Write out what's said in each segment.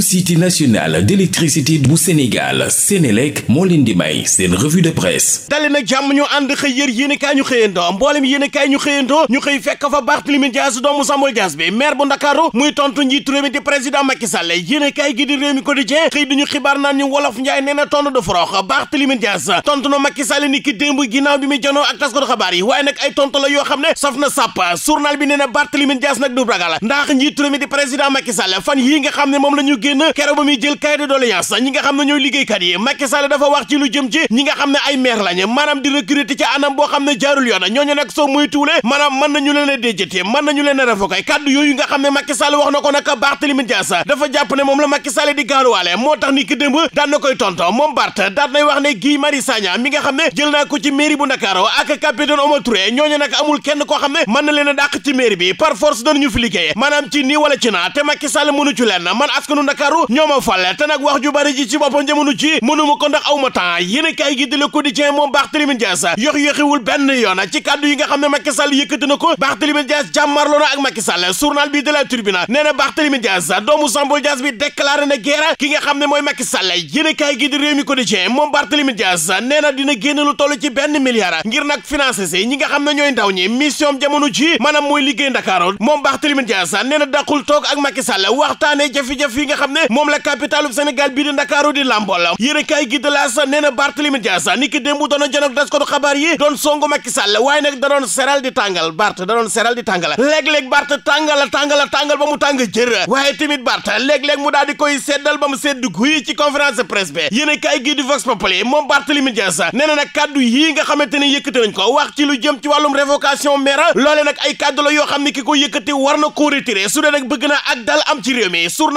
société nationale d'électricité bu Sénégal Sénélec moo leen may seen revue de presse dali nag jàmm ñu ànd xëy yër yéenekaay ñu xëyandoo mboolem yéenekaay ñu xëyandoo ñu xëy fekk fa Barthélémy Dias doomu Samuel Dias bi maire bu Ndakaaru muy tontu njiitu réew mi di président Macky Sall yéenekaay gi di réew mi quotidien xëy duñu xibaar naan ñu wolof Njaay nee tontu de forox Barthélémy Dias tontu na Macky Sall ni ki démb ginnaaw bi muy janoo ak génn keroog ba muy jël yooyu nga xam ne Macky wax na ko nag Barthélémy Dias dafa jàpp ne moom la Macky di gaaruwaale moo tax ni ki démb daan moom Bart daan nay wax ne Guy Marius Sagna mi nga xam ne jël naa ko ci mairie bu Ndakaaru ak capitaine Omar Touré ñooñu nag amul kenn koo xam ne mën na leen a ci mairie bi par force doon fi liggéey maanaam ci nii wala ci naa te Macky mënu ci man askanu Ndakaaru ñoo ma fal te nag wax ju bari ji ci boppam jamono ji mënuma ko ndax aw ma temps yéen a kaay gi di Le Quotidien moom Barthélémy Dias yox benn yoon ci kàddu yi nga xam ne Macky Sall yëkkati na ko Barthélémy Dias jàmmarloo na ak Macky Sall journal bi de la Tribune nee na doomu Sambol Dias bi déclaré na guerre ki nga xam ne mooy Macky Sall yéen a kaay gi di Rewmi Quotidien moom Barthélémy Dias nee na dina génn lu toll ci benn milliard ngir nag financer nga xam ne ñooy ndaw ñi mission jamono ji maanaam mooy liggéey Ndakaaru moom Barthélémy Dias nee ak Macky Sall waxtaane jafe-jafe yi xam ne moom la capitalu Sénégal bii di Ndakaaru di làmbool yéen a kaay gi de laas nee na Barthélemy Dias ni ki démb doon janoog taskatu xabaar yi doon songu Macky Sall waaye nag da doon seral di tàngal Barth da doon seral di tàngal léeg-léeg Barth tàngal tàngal tàngal ba mu tàng jër waaye tamit Barth léeg-léeg daal di koy seddal ba mu sedd ci conférence de presse kaay gi di moom Barthélemy Dias nee na nag kaddu yii nga xamante ne yëkkati nañ ko wax ci lu jëm ci wàllum révocation maire loole nag ay kaddu la yoo xam ne ki ko yëkkati war na koo retiré su dee nag bëgg na ak dal am ci réew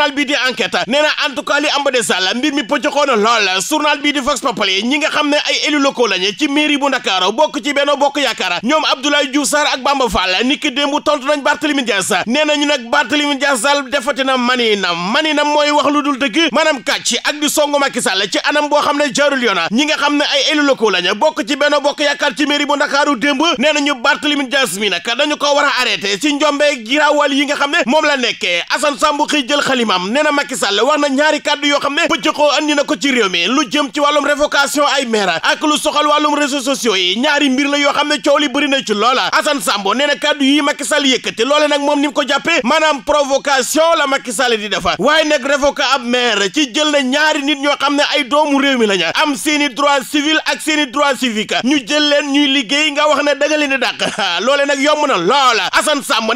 bi di enquête nee na en tout cas li am ba des la mbir mi pëccaxoona lool journal bii di Vox Populi ñi nga xam ne ay élus locaux lañu ci mairie bu Ndakaaru bokk ci Benno Bokk Yaakaar ñoom Abdoulaye Diouf Sarr ak Bamba Fall niki démb tontu nañ Barthélémy Dias nee nañu nag Barthélémy Dias daal defati na maninam maninam mooy wax lu dul dëgg maanaam kàcc ak di songu Macky Sall ci anam boo xam ne jaarul yoon ñi nga xam ne ay élus locaux lañu bokk ci Benno Bokk Yaakaar ci mairie bu Ndakaaru démb nee nañu Barthélémy Dias mi nag dañu ko war a arrêté ci njombe giraawal yi nga xam ne moom la nekkee Assane Samb xëy jël xalimam nee na Macky Sall wax na ñaari kàddu yoo xam ne pëccëxoo andi na ko ci réew mi lu jëm ci wàllum révocation ay maire ak lu soxal wàllum réseaux sociaux yi ñaari mbir la yoo xam ne coow li bëri na ci loola Assane Sambo nee na kàddu yi Macky Sall yëkkati loole nag moom ni ko jàppee maanaam provocation la Macky di defa waaye nag révoqué ab maire ci jël na ñaari nit ñoo ne ay doomu réew mi am seen droit civil ak seen i droit civique ñu jël leen ñuy liggéey nga wax da nga leen di dàq loole nag yomb na loola Assane Sambo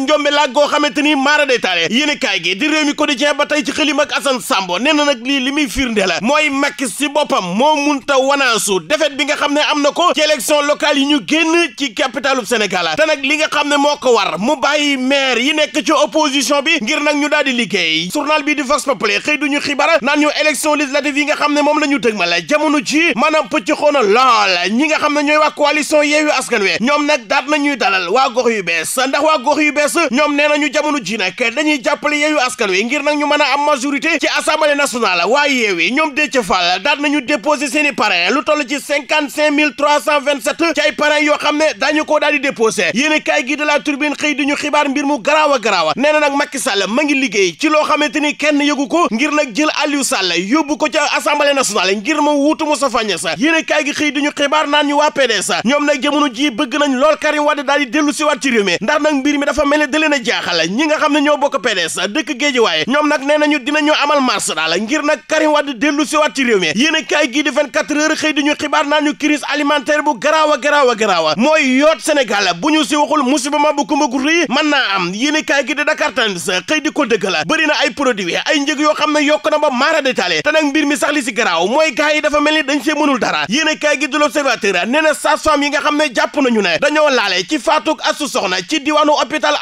njombe laak goo xamante ni maara day taale yéen kaay gi di réew mi quotidien ba tey ci xëlim ak Assane Sambo nee nag lii li muy firnde la mooy Macky si boppam moo munta wanaasu defet bi nga xam ne am na ko ci élection locale yi ñu génn ci capitalu Sénégal te nag li nga xam ne moo ko war mu bàyyi maire yi nekk ci opposition bi ngir nag ñu daal di liggéey journal bi di Vox Populi xëy du ñu xibaar naan ñu élection législative yi nga xam ne moom la ñu dëgmale jamono ji maanaam pëcc xoona lool ñi nga xam ne ñooy waa coalition Yewwi Askan Wi ñoom nag daat nañuy dalal waa gox yu bees ndax waa gox yu bees PDS ñoom nee nañu jamono ji nag dañuy jàppale yeewu askan wi ngir nag ñu mën a am majorité ci assemblée nationale waaye yeewi ñoom Déthié Fall daan nañu déposé seen i lu toll ci cinquante cinq mille trois cent vingt sept ci ay yoo xam ne daañu ko daal di déposé yéen a gi de la xëy di ñu xibaar mbir mu garaaw a garaaw nee na nag Macky Sall ma ngi liggéey ci loo xamante ni kenn yëgu ko ngir nag jël Aliou Sall yóbbu ko ca assemblée nationale ngir ma wuutu Moustapha Niasse yéen a kaay gi xëy di ñu xibaar naan ñu waa ji bëgg nañ lool Karim Wade daal di dellu siwaat ci réew mi mi dafa mel ne da leen a jaaxal ñi nga xam ne ñoo bokk PDS dëkk Géejawaay ñoom nag nee nañu dinañu amal marche daal ngir nag Karim Wade dellu si waat ci réew mi yéen gii di 24 heures xëy di ñu xibaar naa ñu crise alimentaire bu garaaw a garaaw mooy yoot Sénégal bu ñu si waxul musiba ma bu kumba gu rëy naa am yéen a kaay di Dakar Times xëy di ko dëgg la ay produits ay njëg yoo xam ne yokk na ba maara détaillé te nag mbir a kaay gi di l'Observateur nee na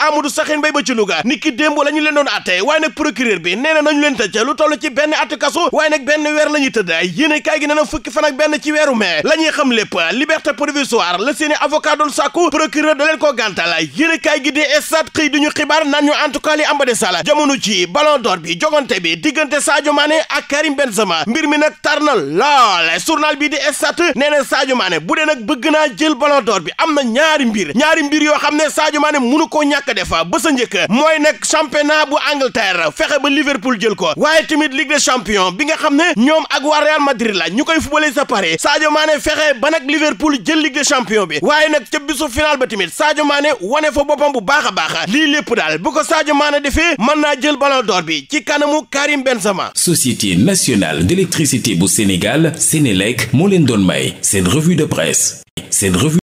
Amadou Sakhir Mbaye ba ci Louga ni ki démb la ñu leen doon atte waaye nag procureur bi nee na nañu leen tëj lu toll ci benn atu kaso waaye nag benn weer la ñuy tëdd yéene kaay gi nee na fukki fan ak benn ci weeru mai la ñuy xam lépp liberté provisoire la seeni avocat doon sàkku procureur da leen koo gi di estat xëy duñu xibaar naan ñu en tout de sala jamono ci ballon d'or bi jogante bi diggante Sadio Mané ak Karim Benzema mbir mi nag tar na lool journal bi di estat nee na Sadio Mané bu dee nag bëgg naa jël ballon d'or bi am na ñaari mbir ñaari mbir yoo xam ne Sadio Mané munu koo ñàkk njëkk a def ba sa njëkk mooy nag championnat bu Angleterre fexe ba Liverpool jël ko waaye tamit Ligue des champions bi nga xam ne ñoom ak waa Real Madrid la ñu koy footballé sa Paris Sadio Mané fexe ba nag Liverpool jël Ligue des champions bi waaye nag ca bisu final ba tamit Sadio Mané wane fa boppam bu baax a baax lii lépp daal bu ko Sadio Mané defee mën naa jël ballon d'or bi ci kanamu Karim Benzema. Société nationale d'électricité bu Sénégal Sénélec moo leen doon may